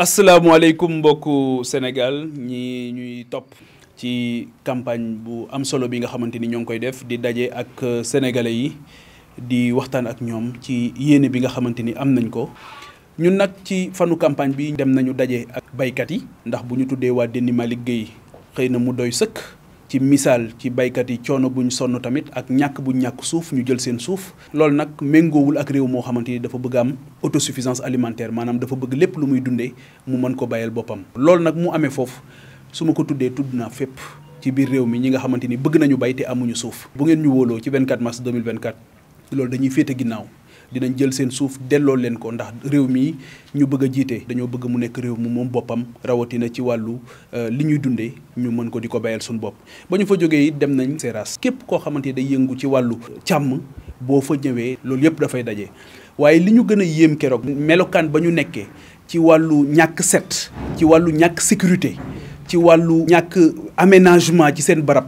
asalaamualeykum mbokku Sénégal ñi ñuy topp ci campagne bu am solo bi nga xamante ni ñoo ngi koy def di daje ak euh, sénégalais yi di waxtaan ak ñoom ci yéene bi nga xamante ni am nañ ko. ñun nag ci fanu campagne bi dem nañu daje ak baykat yi ndax bu ñu tuddee waa Déni liggéey xëy na mu doy sëkk. ci misaal ci baykat yi coono bu ñu sonn tamit ak ñàkk bu ñàkk suuf ñu jël seen suuf loolu nag méngoowul ak réew moo xamante ni dafa bëgg am autosuffisance alimentaire maanaam dafa bëgg lépp lu muy dundee mu mën ko bàyyal boppam. loolu nag mu amee foofu su ma ko tuddee tudd naa fépp ci biir réew mi ñi nga xamante ni bëgg nañu bay te amuñu suuf bu ngeen ñu wóoloo ci 24 mars 2024 loolu dañuy féete ginnaaw. dinañ jël seen suuf delloo leen ko ndax réew mi ñu bëgg a jiite dañoo bëgg mu nekk réew mu moom boppam rawatina ci wàllu euh, li ñuy dundee ñu mën ko di ko bayal suñu bopp ba ñu fa jógee dem nañ Seras képp koo xamante ni day yëngu ci wàllu càmm boo fa ñëwee loolu yëpp dafay daje waaye li ñu gën a yéem keroog melokaan ba ñu nekkee ci wàllu ñàkk set ci wàllu ñàkk sécurité ci wàllu ñàkk aménagement ci seen barab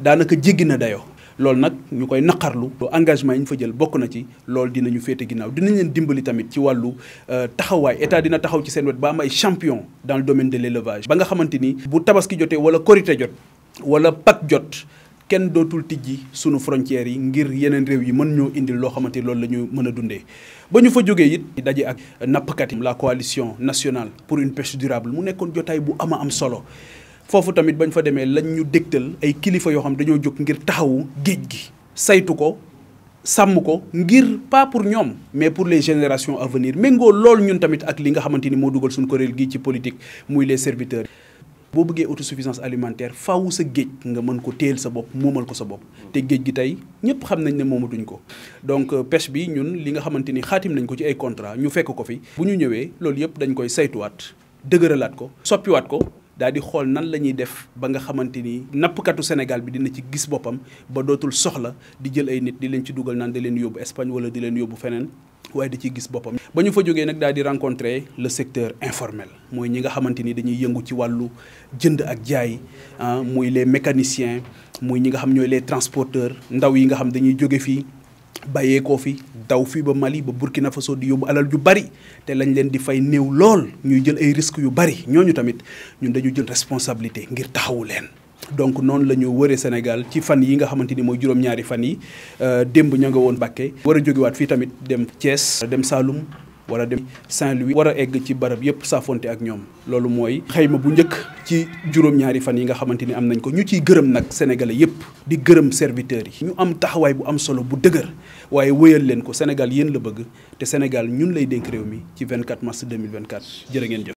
daanaka jéggi na dayoo loolu nak ñukoy nakarlu naqarlu engagement ñu fa jël bokku na ci loolu dinañu féete ginnaaw dinañ leen dimbali tamit ci wàllu euh, taxaway état dina taxaw ci seen wet ba am ay champion dans le domaine de l'élevage ba nga xamanteni bu tabaski joté wala korite jot wala pak jot kenn dootul tijji sunu frontière yi ngir yeneen réew yi mën ñoo indi loo xamante ni loolu la ñu mën a dundee ba ñu fa jógee it daje ak nappkat yi la coalition nationale pour une pêche durable mu nekkoon jotaay bu ama am solo foofu tamit bañ fa demee lañ ñu dégtal ay kilifa yoo xam dañoo jóg ngir taxawu géej gi saytu ko sàmm ko ngir pas pour ñoom mais pour les générations avenir venir méngoo loolu ñun tamit ak li nga xamante ni moo dugal suñu kuréel gii ci politique muy les serviteurs boo bëggee autosuffisance alimentaire faw sa géej nga mën ko téel sa bopp moomal ko sa bopp te géej gi tey ñëpp xam nañ ne moomatuñ ko donc euh, pêche bi ñun li nga xamante ni xaatim nañ ko ci ay contrat ñu fekk ko fi bu ñu ñëwee loolu yëpp dañ koy saytuwaat dëgëralaat ko soppiwaat ko daal di xool nan la ñuy def ba nga xamante ni nappkatu Sénégal bi dina ci gis boppam ba dootul soxla di jël ay nit di leen ci dugal naan di leen yóbbu Espagne wala di leen yóbbu feneen waaye di ci gis boppam. ba ñu fa jógee nag daal di rencontrer le secteur informel mooy ñi nga xamante ni dañuy yëngu ci wàllu jënd ak jaay ah muy les mécaniciens muy ñi nga xam ñooy les transporteurs ndaw yi nga xam dañuy jóge fii. bàyyee koo fi daw fii ba Mali ba Burkina Faso di yóbbu alal yu bari te lañ leen di fay néew lool ñuy jël ay risques yu bari ñooñu tamit ñun dañu jël responsabilité ngir taxawu leen. donc noonu la ñu wëree Sénégal ci fan yi nga xamante ni mooy juróom-ñaari fan yi euh, démb ña nga woon Bakke. war a jógewaat fii tamit dem Thiès dem saalum war dem Saint-Louis war a egg ci barab yëpp saafonte ak ñoom loolu mooy xayma bu njëkk ci juróom-ñaari fan yi nga xamante ni am nañ ko ñu ciy gërëm nag sénégalais yëpp di gërëm serviteurs yi ñu am taxawaay bu am solo bu dëgër waaye wéyal leen ko Sénégal yéen la bëgg te Sénégal ñun lay dénk réew mi ci 24 mars 2024 jërë ngeen jëf